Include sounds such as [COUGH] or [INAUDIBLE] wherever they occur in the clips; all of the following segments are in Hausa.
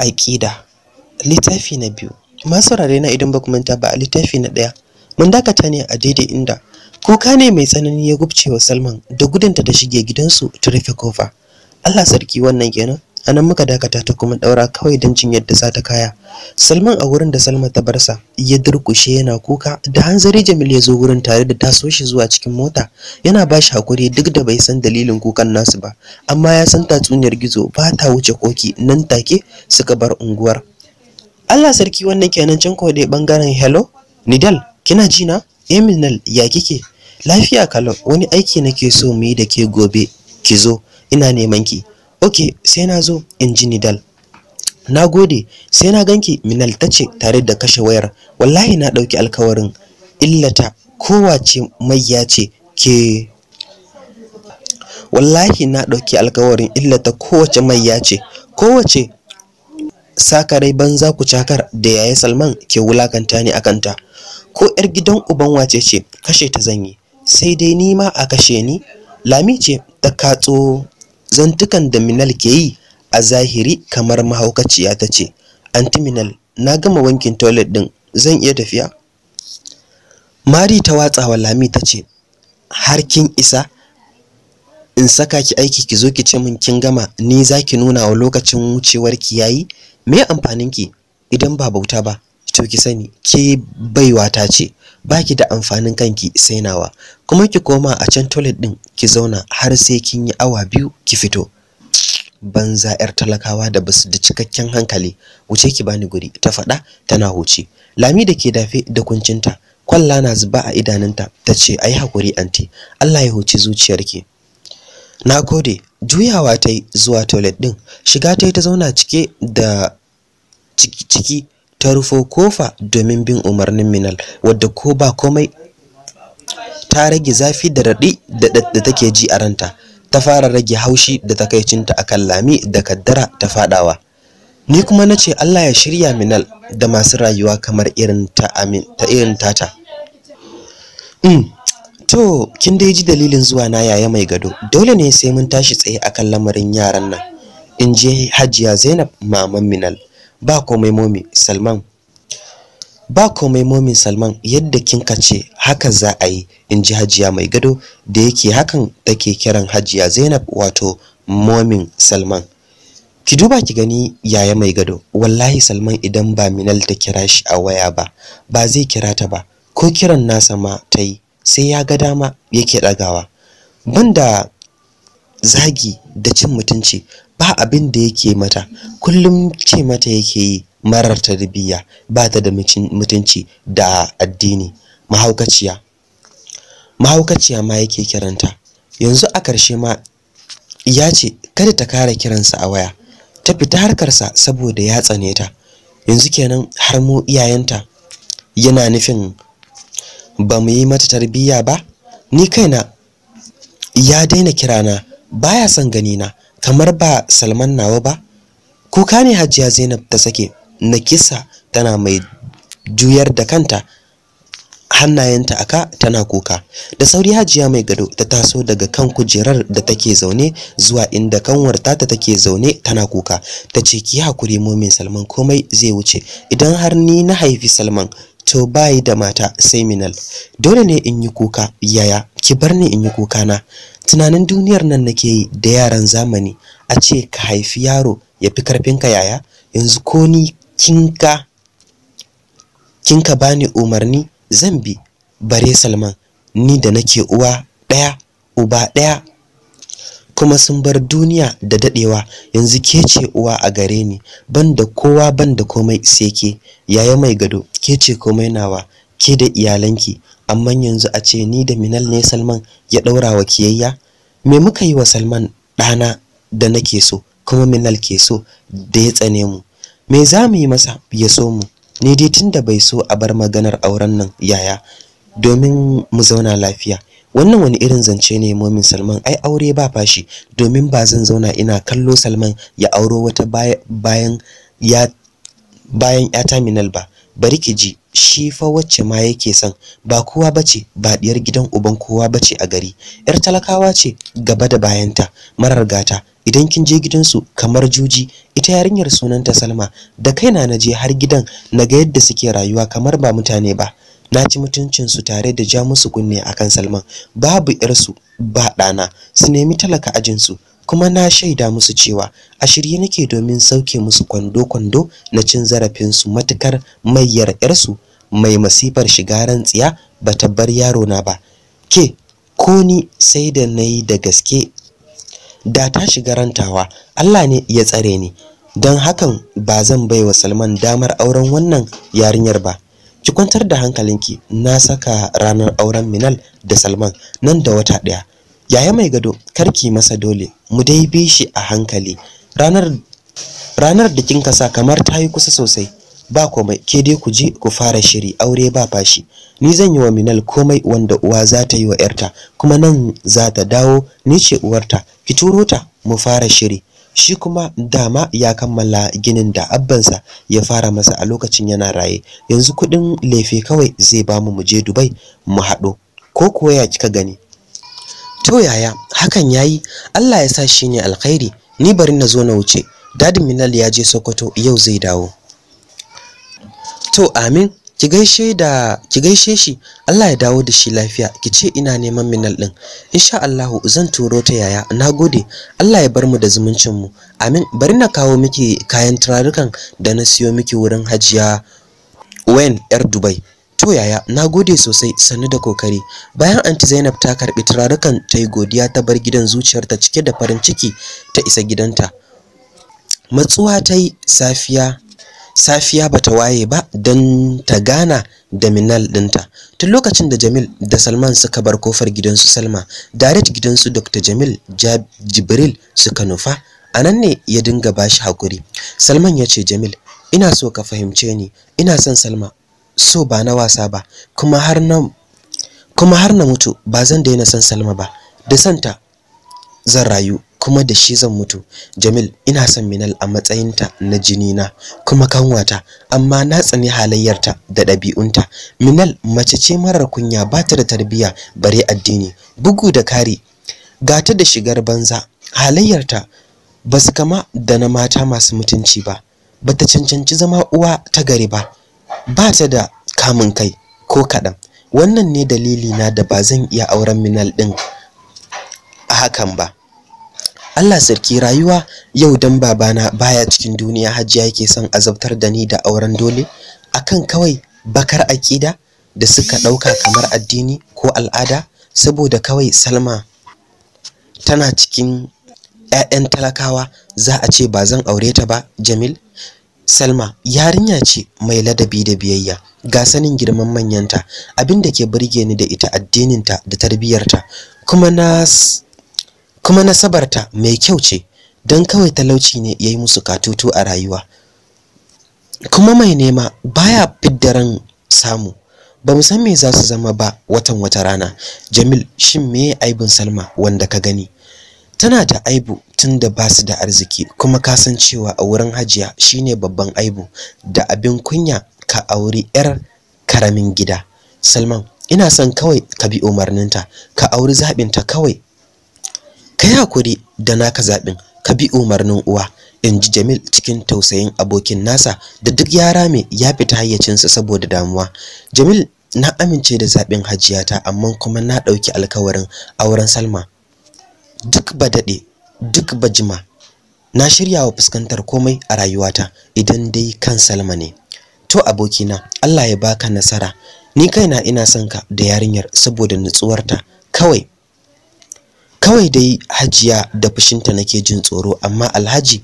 aƙida littafi na biyu masu rare na idan ba ku manta ba a littafi na ɗaya mun dakata ne a daidai inda kuka ne mai tsanani ya gubce wa salman da gudunta da shige gidansu ta rufe kofa allah sarki wannan kenan anan muka dakata ta kuma daura kawai don jin yadda za ta kaya salman a wurin da salma ta bar sa ya durkushe yana kuka da hanzari jamil ya zo wurin tare da taso shi zuwa cikin mota yana ba shi hakuri duk da bai san dalilin kukan nasu ba amma ya san tatsuniyar gizo ba ta wuce koki nan take suka bar unguwar allah sarki wannan kenan can ko dai bangaren hello nidal kina ji na? eminal eh, ya kike lafiya kalau wani aiki nake so mu yi da ke gobe ki zo ina neman ki ok sai na zo in ji nidal na gode sai na ganki minal ta ce tare da kashe wayar wallahi na ɗauki alkawarin illata kowace mayya ce ke wallahi na ɗauki alkawarin illata kowace mayya ce kowace sakarai banza ku cakar da yaya salman ke wulakanta ne a kanta? ko yar gidan uban wace ce kashe ta zanyi sai dai ni ma a kashe ni lami ce ta katso zantukan da Minal ke yi a zahiri kamar mahaukaciya ta ce, Anti Minal, na gama wankin toilet ɗin, zan iya tafiya? Mari ta watsa wa Lami ta ce, Har kin isa? In saka ki aiki ki zo ki ce min kin gama ni za ki nuna wa lokacin wucewar ki yayi? Me amfanin ki idan ba bauta ba? to ki sani ke baiwa ta ce baki da amfanin kanki sai nawa kuma ki koma a can toilet din ki zauna har sai kin yi awa biyu ki fito banza yar talakawa da basu da cikakken hankali wuce ki bani guri ta faɗa tana huce lami da ke dafe da kuncinta kwalla na zuba a idanunta ta ce ai hakuri anti Allah ya huci zuciyarki na gode juyawa ta yi zuwa toilet din shiga ta yi ta zauna cike da ciki ta rufo kofa domin bin umarnin Minal wadda ko ba komai ta rage zafi da raɗi da take ji a ranta ta fara rage haushi da takaicinta a kan lami da kaddara ta fadawa ni kuma na ce Allah ya shirya Minal da masu rayuwa kamar irin ta amin ta irin tata mm. to kin dai ji dalilin zuwa na yaya mai gado dole ne sai mun tashi tsaye akan lamarin yaran nan in je Hajiya Zainab maman Minal ba komai momi salman ba komai momin salman yadda kinka ce haka za a yi in ji hajiya mai gado da yake hakan take kiran hajiya zainab wato momin salman ki duba ki gani yaya mai gado wallahi salman idan ba minal ta kira shi a waya ba ba zai kira ta ba ko kiran nasa ma ta yi sai ya ga dama yake ɗagawa banda zagi da cin mutunci ba abin da yake mata kullum ce mata yake yi marar tarbiyya ba ta da mutunci da addini mahaukaciya mahaukaciya ma yake kiranta yanzu a karshe ma ya ce kada ta kara kiransa a waya ta fita harkarsa saboda ya tsane ta yanzu kenan har mu iyayenta yana nufin ba mu yi mata tarbiyya ba ni kaina ya daina kirana baya son ganina kamar ba Salman nawa ba kuka ne Hajiya Zainab ta sake na kisa tana mai juyar da kanta hannayenta aka tana kuka da sauri hajiya mai gado ta taso daga kan kujerar da take zaune zuwa inda kanwarta ta take zaune tana kuka ta ce ki hakuri momin salman komai zai wuce idan har ni na haifi salman to bayi da mata seminal dole ne in yi kuka yaya ki bar ni in yi kuka na tunanin duniyar nan nake yi da yaran zamani a ce ka haifi yaro ya fi karfinka yaya yanzu ko ni kinka kinka bani umarni zan bi bare salman ni da nake uwa ɗaya uba ɗaya kuma sun bar duniya da dadewa yanzu ke ce uwa a gare ni banda kowa banda komai sai ke yaya mai gado ke ce komai nawa ke da iyalanki amma yanzu a ce ni da Minal ne Salman ya daura wa kiyayya me muka yi wa Salman ɗana da nake so kuma Minal ke so da ya tsane mu me za mu yi masa ya so mu ne dai tunda bai so a bar maganar auren nan yaya domin mu zauna lafiya wannan wani irin zance ne momin salman ai aure ba fashi domin ba zan zauna ina kallo salman ya auro wata bayan ya bayan ya terminal ba bari ki ji shi fa wacce ma yake son ba kowa bace ba diyar gidan uban kowa bace a gari yar talakawa ce gaba da bayanta marar gata idan kin je gidansu kamar juji ita yarinyar sunanta Salma da kaina na je har gidan naga yadda suke rayuwa kamar ba mutane ba na ci mutuncinsu tare da ja musu kunne akan Salman babu irsu ba ɗana su nemi talaka ajinsu kuma na shaida musu cewa a shirye nake domin sauke musu kwando-kwando na cin zarafin su matukar mayyar 'yarsu mai masifar shiga rantsiya ba ta bar yaro na ba ke ko ni sai da na yi da gaske da ta shiga rantawa Allah ne ya tsare ni don hakan ba zan baiwa Salman damar auren wannan yarinyar ba ki kwantar da hankalinki na saka ranar auren Minal da Salman nan da wata ɗaya yaya mai gado karki masa dole mu dai bi shi a hankali ranar ranar da kin kasa kamar ta yi kusa sosai ba komai ke dai ku je ku fara shiri aure ba fashi ni zan yi wa Minal komai wanda uwa za ta yi wa yarta kuma nan za ta dawo ni ce uwarta ki turo ta mu fara shiri shi kuma dama ya kammala ginin da abbansa ya fara masa a lokacin yana raye yanzu kuɗin lefe kawai zai bamu mu je dubai mu haɗo ko kuwa ya kika gani to yaya hakan yayi allah ya sa shi ne alkhairi ni bari na zo na wuce dadin minal ya je sokoto yau zai dawo to amin ki gaishe da ki gaishe shi Allah ya dawo da shi lafiya ki ce ina neman minal din insha Allah zan turo ta yaya nagode Allah ya bar mu da zumuncin mu amin bari na kawo miki kayan turarukan da na siyo miki wurin hajiya Wen yar Dubai to yaya nagode sosai sannu da kokari bayan anti Zainab ta karbi turarukan ta yi godiya ta bar gidan zuciyarta cike da farin ciki ta isa gidanta matsuwa ta yi safiya safiya bata waye ba don ta gana da minal ɗinta tun lokacin da jamil da salman suka bar kofar gidansu salma direct gidansu dr jamil jibril suka nufa a nan ne ya dinga bashi hakuri salman ya ce jamil ina so ka fahimce ni ina son salma so ba na wasa ba kuma har na kuma har na mutu ba zan daina son salma ba da santa zan rayu kuma da shi zan mutu jamil ina son minal a matsayinta na jini na kuma kanwata amma na tsani halayyarta da ɗabi'unta minal mace ce marar kunya ba ta da tarbiyya bare addini bugu da kari ta da shigar banza halayyarta ba su kama da na mata masu mutunci ba ba ta cancanci zama uwa ta gari ba ba ta da kamun kai ko kaɗan wannan ne dalili na da ba zan iya auren minal ɗin a hakan ba Allah sarki rayuwa yau dan babana baya cikin duniya hajjiya yake son azabtar da ni da auren dole akan kawai bakar aƙida da suka ɗauka kamar addini ko al'ada saboda kawai salma tana cikin 'ya'yan talakawa za a ce ba zan aure ta ba jamil salma yarinya ce mai ladabi da biyayya ga sanin girman manyanta abinda ke burge ni da ita addininta da tarbiyyarta kuma na kuma nasabarta mai kyau ce don kawai talauci ne ya yi musu katutu a rayuwa kuma mai nema baya fidda samu ba mu san me za su zama ba watan wata rana jamil shin me aibin salma wanda ka gani tana da aibu tun da ba su da arziki kuma ka cewa a wurin hajiya shine babban aibu da abin kunya ka auri 'yar karamin gida salman ina son kawai ka bi umarninta ka auri zaɓinta kawai Kai hakuri da naka zaɓin ka bi umarnin uwa in ji jamil cikin tausayin abokin nasa da duk ya rame ya fita hayyacinsa saboda damuwa jamil na amince da zaɓin ta amma kuma na ɗauki alkawarin auren salma duk ba daɗe duk ba jima na shirya wa fuskantar komai a rayuwata idan dai kan salma ne to abokina allah ya baka nasara ni kaina ina son da yarinyar saboda nutsuwarta kawai kawai dai hajiya da fushinta nake jin tsoro amma alhaji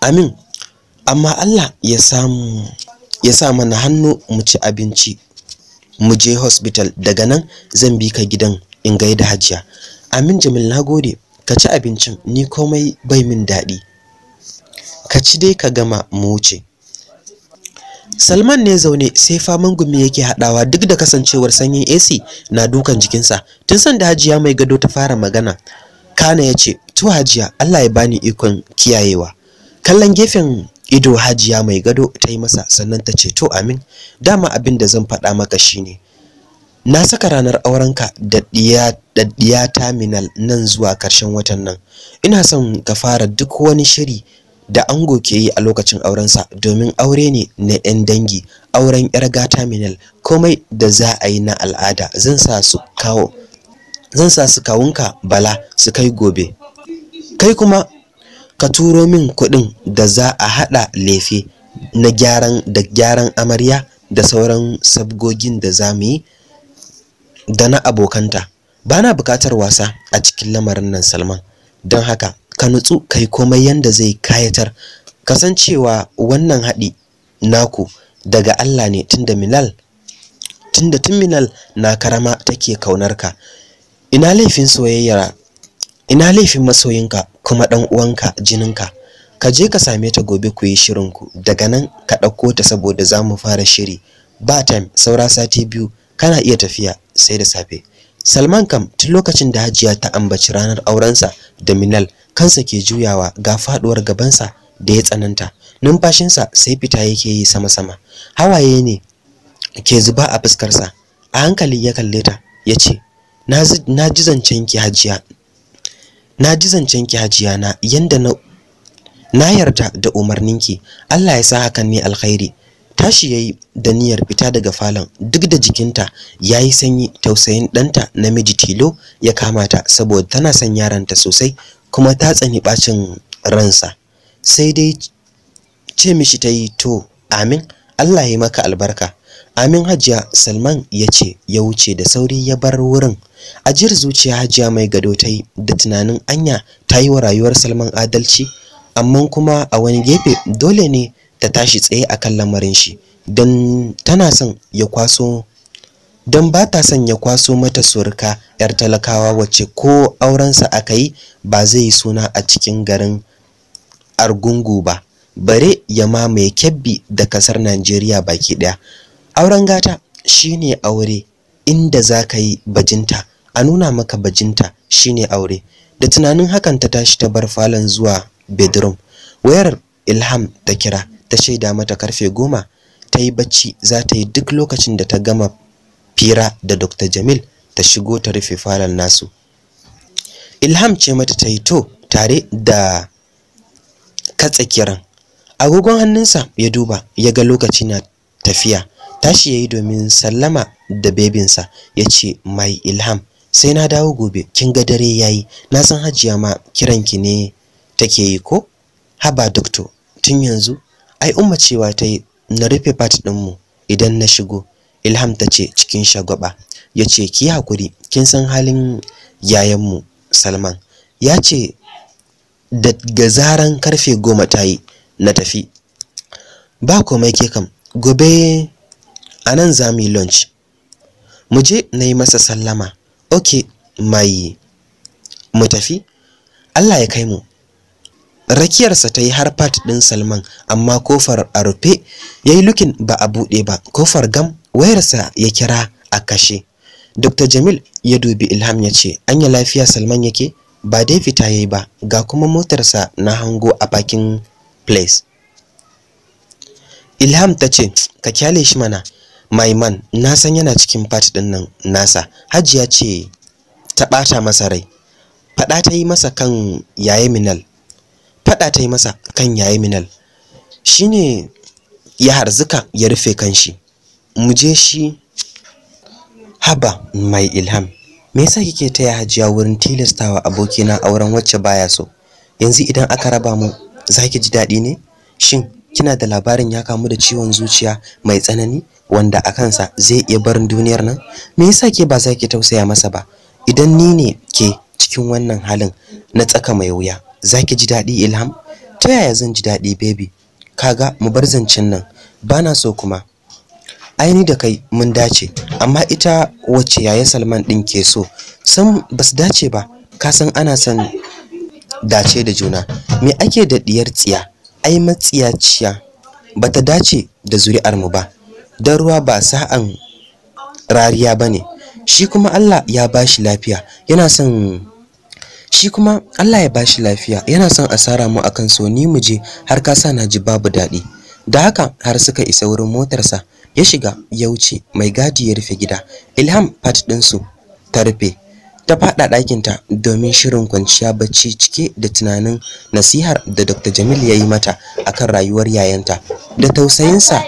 amin amma Allah ya sa mana hannu mu ci abinci mu je hospital daga nan zan bi ka gidan in gaida hajiya amin jamil gode. ka ci abincin ni komai bai min daɗi ka ci dai ka gama mu wuce Salman ne zaune sai faman gumi yake hadawa duk da kasancewar sanyin AC na dukan jikinsa. Tun san da Hajiya mai gado ta fara magana, Kana ya ce, "To Hajiya, Allah ya bani ikon kiyayewa." Kallon gefen ido Hajiya mai gado ta yi masa sannan ta ce, "To amin, dama abin da zan faɗa maka shine na saka ranar aurenka da diya da diya terminal nan zuwa ƙarshen watan nan. Ina son ka fara duk wani shiri da ango ke yi a lokacin aurensa domin aure ne na 'yan dangi auren Yarga gata komai da za a yi na al'ada zan sa su kawunka bala su kai gobe kai kuma ka turo min kuɗin da za a haɗa lefe na gyaran da gyaran amarya da sauran sabgogin da za mu yi da na abokanta Bana na buƙatar wasa a cikin lamarin nan salman don haka ka nutsu kai komai yanda zai kayatar kasancewa wannan haɗi naku daga Allah ne tunda Milal tunda tun Milal na karama take kaunar ka ina laifin soyayya ina laifin masoyinka kuma dan uwanka jininka ka je ka same ta gobe ku yi shirinku daga nan ka ɗauko ta saboda za mu fara shiri ba time saura sati biyu kana iya tafiya sai da safe Salman kam tun lokacin da Hajiya ta ambaci ranar aurensa da Minal kansa ke juyawa ga faduwar gabansa da ya tsananta numfashinsa sai fita yake yi sama-sama hawaye ne ke zuba a fuskarsa a hankali ya kalle ta ya ce na ji zancen ki hajiya na ji zancen ki hajiya na yanda na na yarda da umarninki Allah ya sa hakan ne alkhairi tashi yayi da niyyar fita daga falon duk da jikinta yayi sanyi tausayin danta namiji tilo ya kamata saboda tana son yaranta sosai kuma ta tsani bacin ransa sai dai ce mishi ta yi to amin Allah ya maka albarka amin hajiya salman ya ce ya wuce da sauri ya bar wurin A ajiyar zuciya hajiya mai gado ta yi da tunanin anya ta yi wa rayuwar salman adalci amma kuma a wani gefe dole ne ta tashi tsaye a kan lamarin shi don tana son ya kwaso don ba ta son ya kwaso mata surka 'yar talakawa wacce ko aurensa aka yi ba zai yi suna a cikin garin argungu ba bare ya mamaye Kebbi da kasar najeriya baki ɗaya auren gata shine aure inda za ka yi bajinta a nuna maka bajinta shine aure da tunanin hakan ta tashi ta bar falon zuwa bedroom wayar ilham ta kira ta shaida mata karfe goma ta yi bacci za ta yi duk lokacin da ta gama fira da Dr. Jamil ta shigo ta rufe falon nasu. Ilham ce mata ta yi to tare da katse kiran. Agogon hannunsa ya duba ya ga lokaci na tafiya. Tashi ya yi domin sallama da bebinsa ya ce mai Ilham sai na dawo gobe kin ga dare ya yi? na san hajiya ma kiran ki ne take yi ko haba doctor tun yanzu ai umma cewa ta yi na rufe part ɗinmu mu idan na shigo Ilham ta ce cikin shagwaba ya ce ki hakuri kin san halin yayanmu Salman ya ce daga zaran karfe goma ta yi na tafi ba komai ke kam gobe a nan za mu yi lunch mu je na yi masa sallama ok mai mu tafi allah ya kai mu rakiyarsa ta yi har fat ɗin salman amma kofar a rufe ya yi lukin ba a buɗe ba kofar gam wayarsa ya kira a kashe Dr. Jamil ya dubi Ilham ya ce anya lafiya Salman yake ba dai fita yayi ba ga kuma motarsa na hango a Bakin place Ilham ta ce ka kyale shi mana Maiman na san yana cikin fat din nan nasa Hajiya ce ta bata masa rai fada ta yi masa kan yaye Minal fada ta yi masa kan yaye Minal shine ya harzuka ya rufe kanshi mu je shi haba mai ilham me yasa kike taya hajiya wurin tilastawa abokina auren wacce baya so yanzu idan aka raba mu zaki ji daɗi ne shin kina da labarin ya kamu da ciwon zuciya mai tsanani wanda a kansa zai iya barin duniyar nan me yasa ke ba za ki tausaya masa ba idan ni ne ke cikin wannan halin na tsaka mai wuya za ki ji daɗi ilham ta yaya zan ji daɗi baby kaga mu bar zancen nan bana so kuma aini da kai mun dace amma ita wacce yayin Salman din ke so san bas dace ba ka san ana san dace da juna me ake da diyar tsiya ai matsiyaciya bata dace da zuri'ar mu ba dan ruwa ba sa'an rariya bane shi kuma Allah ya bashi lafiya yana san shi kuma Allah ya bashi lafiya yana son asara mu akan so ni mu har ka sa na ji babu daɗi da haka har suka isa wurin motarsa ya shiga ya wuce mai gadi ya rufe gida ilham fat ɗinsu ta rufe ta faɗa ɗakinta domin shirin kwanciya bacci cike da tunanin nasihar da dr jamil ya yi mata akan rayuwar yayanta da tausayinsa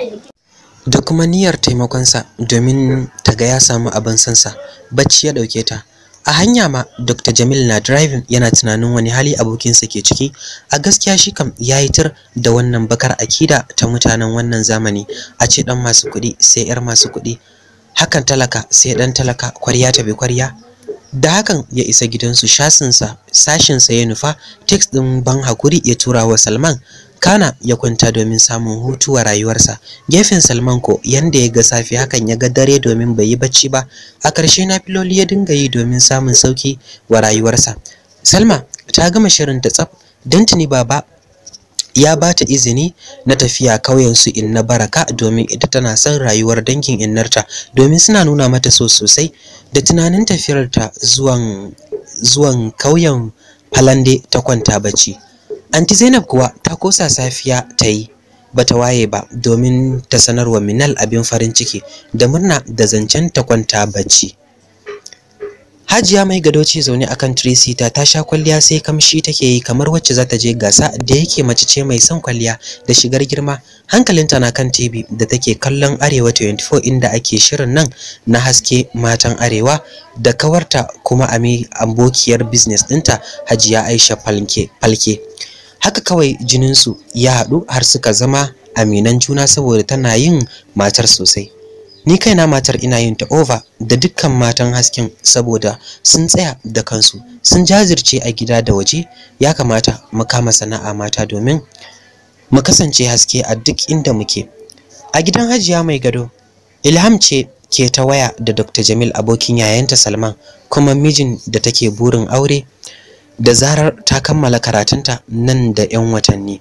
da kuma niyyar taimakonsa domin ta ga ya samu abin sansa bacci ya ɗauke ta a hanya ma Dr. Jamil na driving yana tunanin wani hali abokinsa ke ciki a gaskiya shi kam yayi tir da wannan bakar akida ta mutanen wannan zamani a ce dan masu kuɗi sai yar masu kuɗi hakan talaka sai dan talaka kwarya ta bi kwarya da hakan ya isa gidansu shasinsa sashinsa ya nufa text ɗin ban hakuri ya tura wa Salman kana ya kwanta domin samun hutu wa rayuwarsa gefen salman ko yanda ya ga safe hakan ya ga dare domin bai yi bacci ba a ƙarshe na filoli ya dinga yi domin samun sauki wa rayuwarsa salma ta gama shirin ta tsaf don tuni baba ya ba ta izini na tafiya kauyen su inna baraka domin ita tana son rayuwar dangin innarta domin suna nuna mata so sosai da tunanin tafiyarta zuwan zuwan kauyen falande ta kwanta bacci anti zainab kuwa ta kosa safiya ta yi bata waye ba domin ta sanarwa minal abin farin ciki da murna da zancen ta kwanta bacci hajiya mai gado ce zaune akan tresita ta sha kwalliya sai kamshi take yi kamar wacce za ta je gasa da yake mace ce mai son kwalliya da shigar girma hankalinta na kan tv da take kallon arewa 24 inda ake shirin nan na haske matan arewa da kawarta kuma ami ambokiyar business ɗinta hajiya aisha falke haka kawai jininsu ya haɗu har suka zama aminan juna saboda tana yin matar sosai ni kaina matar ina yin ta over da dukkan matan hasken saboda sun tsaya da kansu sun jazirce a gida da waje ya kamata mu kama sana'a mata domin mu kasance haske a duk inda muke a gidan hajiya mai gado ilham ce ke ta waya da dr jamil abokin yayanta salman kuma mijin da take burin aure da zarar ta kammala karatunta nan da 'yan watanni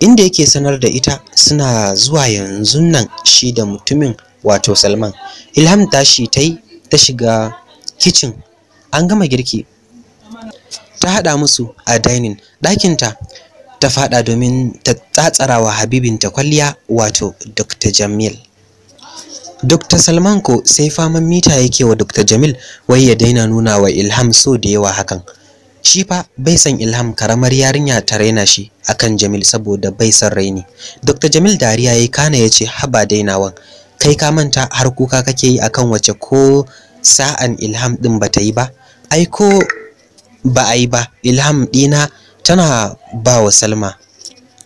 inda yake sanar da ita suna zuwa yanzu nan shi da mutumin wato salman ilham tashi ta yi ta shiga kicin an gama girki ta haɗa musu a dining ɗakinta ta faɗa domin ta tsatsarawa habibinta kwalliya wato dr jamil Dr. Salman ko sai faman mita yake wa Dr. Jamil wai ya daina nuna wa Ilham so da yawa hakan. shi fa bai san Ilham karamar yarinya ta raina shi akan Jamil saboda bai san raini Dr Jamil dariya yayi kana yace haba dainawan kai ka manta har kuka kake yi akan wace ko sa'an Ilham din bata yi ba ai ko ba ai ba Ilham dina tana ba wa Salma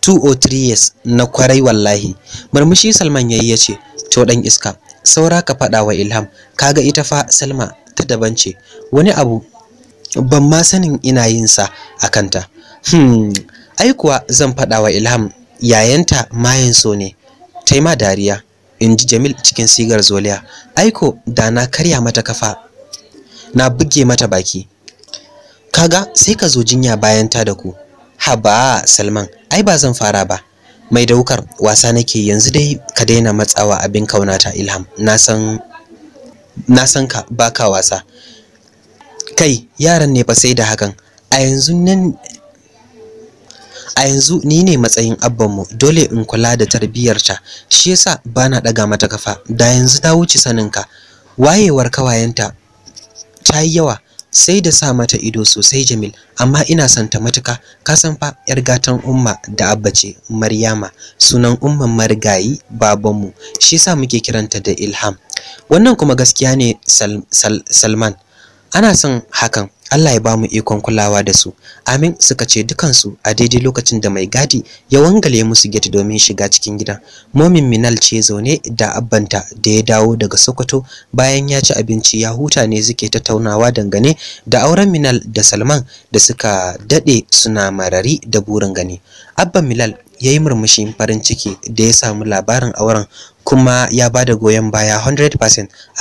2 or 3 years na kwarai wallahi murmushi Salman yayi yace to dan iska saura ka fada wa Ilham kaga ita fa Salma ta daban ce wani abu ban ma sanin ina yin sa a kanta hmm ai kuwa zan faɗa wa ilham yayanta mayan so ne ta ma dariya in ji jamil cikin sigar zoliya aiko da na karya mata kafa na buge mata baki kaga sai ka zo jinya bayan ta da ku haba salman ai ba zan fara ba mai daukar wasa nake yanzu dai ka daina matsawa abin kaunata ilham na san na san ka baka wasa kai yaran ne fa sai da hakan a yanzu nan a yanzu ni ne matsayin abbanmu dole in kula da tarbiyyarta shi yasa bana daga mata kafa da yanzu ta wuce saninka wayewar kawayenta ta yi yawa sai da sa mata ido sosai Jamil amma ina son ta matuka ka san fa yar gatan umma da abba ce Maryama sunan umman marigayi babanmu shi yasa muke kiranta da Ilham wannan kuma gaskiya ne Salman ana son hakan Allah ya ba mu ikon kulawa da su amin suka ce dukansu a daidai lokacin da mai gadi ya wangale musu gate domin shiga cikin gida. momin minal ce zaune da abbanta da ya dawo daga sokoto bayan ya ci abinci ya huta ne suke tattaunawa dangane da auren minal da salman da suka dade suna marari da burin gani abban milal ya yi murmushin farin ciki da ya samu labarin auren kuma ya ba da goyon baya 100%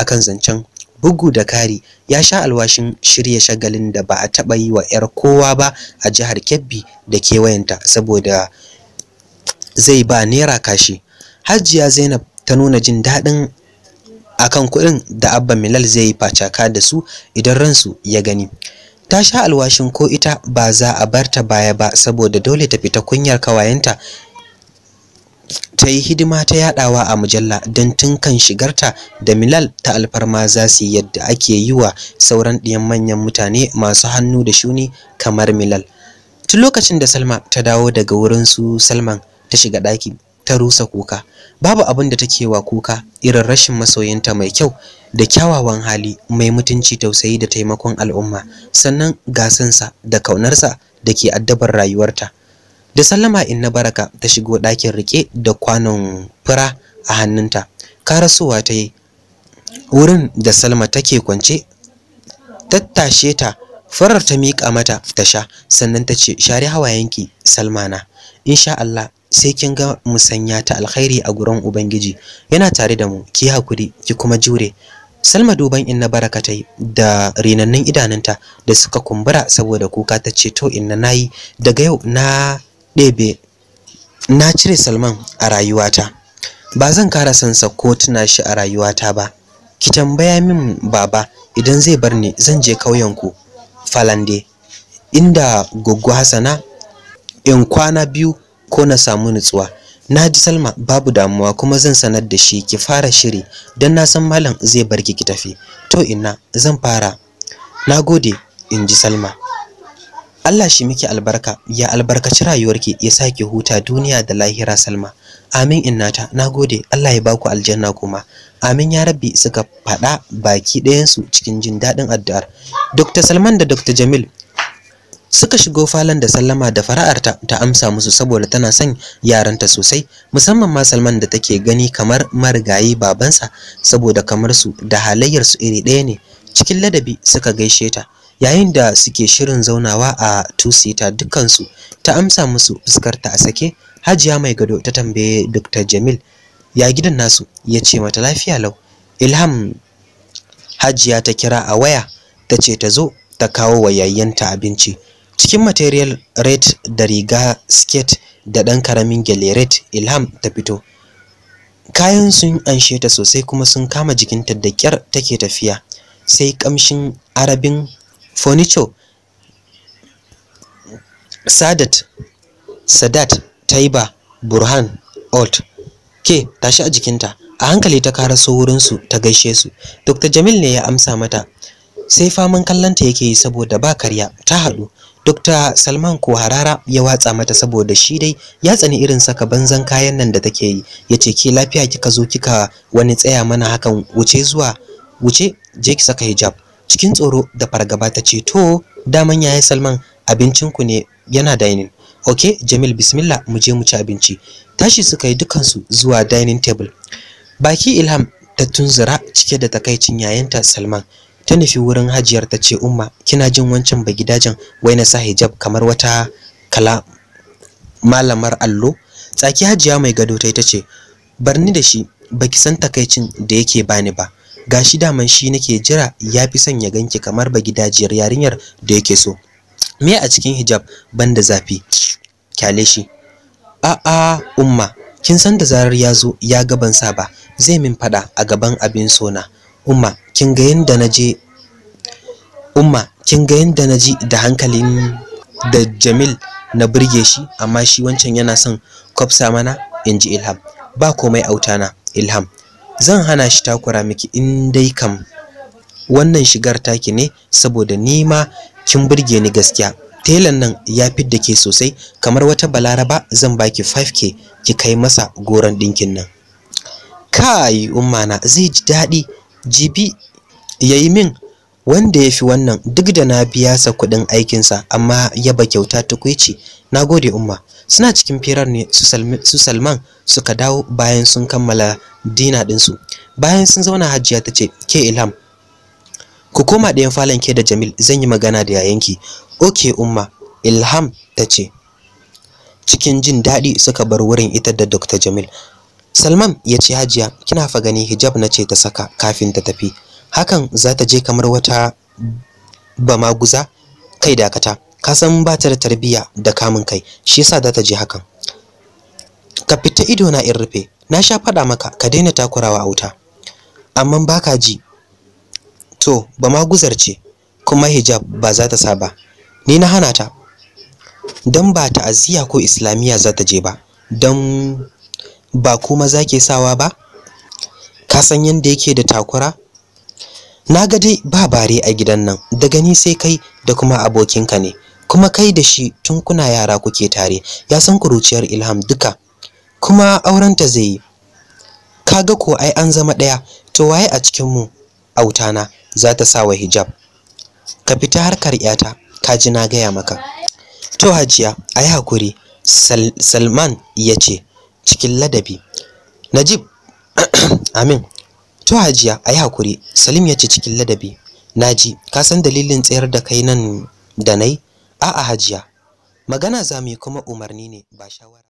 akan zancen bugu da kari ya sha alwashin shirya shagalin da ba a taɓa yi wa 'yar kowa ba a jihar kebbi da kewayenta saboda zai ba naira kashi hajiya zainab ta nuna jin daɗin akan kuɗin da abba milal zai yi facaka da su idan ransu ya gani ta sha alwashin ko ita ba za a barta baya ba saboda dole ta fita kunyar kawayenta ta yi hidima ta yadawa a mujalla don tun kan shigarta da milal ta alfarma za su yadda ake yi wa sauran ɗiyan manyan mutane masu hannu da shuni kamar milal tun lokacin da salma ta dawo daga wurin su salman ta shiga ɗaki ta rusa kuka babu abin da take wa kuka irin rashin masoyinta mai kyau da kyawawan hali mai mutunci tausayi da taimakon al'umma sannan gasansa da kaunarsa da ke addabar rayuwarta da sallama inna baraka ta shigo ɗakin riƙe da kwanon fura a hannunta karasowa ta yi wurin da salma take kwance tattashe ta farar ta miƙa mata ta sha sannan ta ce share hawayenki salmana insha Allah sai kin ga musanya ta alkhairi a gurin ubangiji yana tare da mu ki hakuri ki kuma jure Salma duban inna baraka ta yi da rinannun idanunta da suka kumbura saboda kuka ta ce to inna nayi daga yau na ɗebe na cire salman a rayuwata ba zan kara sansa ko tuna shi a rayuwata ba ki tambaya min baba idan zai bar ni zan je ƙauyenku falande inda goggo hasana in kwana biyu ko na samu nutsuwa na ji salma babu damuwa kuma zan sanar da shi ki fara shiri don na san malam zai barki ki ki tafi to ina zan fara na gode in ji salma Allah shi miki albarka ya albarkaci rayuwarki ya sake huta duniya da lahira Salma amin innata nagode Allah ya baku aljanna kuma amin ya rabbi suka faɗa baki ɗayansu cikin jin daɗin addu'ar Dr Salman da Dr Jamil suka shigo falon da sallama da fara'arta ta amsa musu saboda tana son yaranta sosai musamman ma Salman da take gani kamar marigayi babansa saboda kamar su da halayyar su iri ɗaya ne cikin ladabi suka gaishe ta yayin da suke shirin zaunawa a tusita seater dukansu ta amsa musu fuskarta a sake hajiya mai gado ta tambaye dr jamil ya gidan nasu ya ce mata lafiya lau ilham hajiya ta kira a waya ta ce ta zo ta kawo wa yayyanta abinci cikin material red da riga skate da ɗan karamin gyale ilham ta fito kayan sun anshe ta sosai kuma sun kama jikinta da kyar take tafiya sai kamshin arabin fonicho sadat sadat taiba burhan old ke tashi a jikinta a hankali ta wurin su ta gaishe su dr jamil ne ya amsa mata sai faman kallanta yake yi saboda ba karya ta haɗu Dr. Salman ko harara ya watsa mata saboda shi dai ya tsani irin saka banzan kayan nan da take yi yace ke lafiya kika zo kika wani tsaya mana hakan wuce zuwa wuce je ki saka hijab cikin tsoro da fargaba ta ce to daman yaya salman abincinku ne yana dining ok jamil bismillah mu je mu ci abinci tashi suka yi dukansu zuwa dining table baki ilham ta tunzura cike da takaicin yayanta salman ta nufi wurin hajiyar ta ce umma kina jin wancan gidajen wai na sa hijab kamar wata kala malamar allo tsaki hajiya mai gado ta ce barni da shi baki san takaicin da yake bani ba gashi daman shi nake jira ya fi son ya ganki kamar ba gidajiyar yarinyar da yake so me a cikin hijab banda zafi kyale shi a a umma kin san da zarar ya zo ya ga ban sa ba zai min fada a gaban abin sona umma kin ga yanda naje umma kin ga yanda naji da hankalin da Jamil na burge shi amma shi wancan yana son kwafsa mana in ji Ilham ba komai autana Ilham zan hana shi takura miki in dai kam wannan shigar taki ne saboda nima kin burge ni gaskiya telan nan ya fidda ke sosai kamar wata balaraba zan baki 5k ki kai masa goron dinkin nan kai umma na zai ji daɗi jibi yayi min wanda ya fi wannan duk da na biya sa kuɗin aikinsa amma ya ba kyauta tukuici na gode umma suna cikin firar ne su salman suka dawo bayan sun kammala dina ɗinsu bayan sun zauna hajiya ta ce ke ilham ku koma ɗayan falon ke da jamil zan yi magana da yayanki oke umma ilham ta ce cikin jin daɗi suka bar wurin ita da dr jamil salman ya ce hajiya kina fa gani hijab na ce ta saka kafin ta tafi hakan za ta je kamar wata bamaguza kai dakata ka san ba ta da tarbiyya da kamun kai shi yasa za ta je hakan ka fita ido na in rufe na sha faɗa maka ka daina takurawa a wuta. amma baka ji to bamaguzar ce kuma hijab ba za ta sa ba ni na hana ta don ba ta'aziyya ko islamiyya za ta je ba don ba kuma za ke sawa ba ka san yadda yake da takura na ga dai ba bare a gidan nan daga ni sai kai da kuma abokinka ne kuma kai da shi tun kuna yara kuke tare ya san kuruciyar ilham duka kuma aurenta zai yi kaga ko ai an zama ɗaya to waye a cikin mu autana za ta sa wa hijab ka fita harkar yata ka ji na gaya maka to hajiya ayi hakuri Sal salman ya ce cikin ladabi najib [CLEARS THROAT] amin to hajiya ayi hakuri salim ya ce cikin ladabi naji ka san dalilin tsayar da kai nan da nai a'a hajiya magana za mu yi kuma umarni ne ba shawara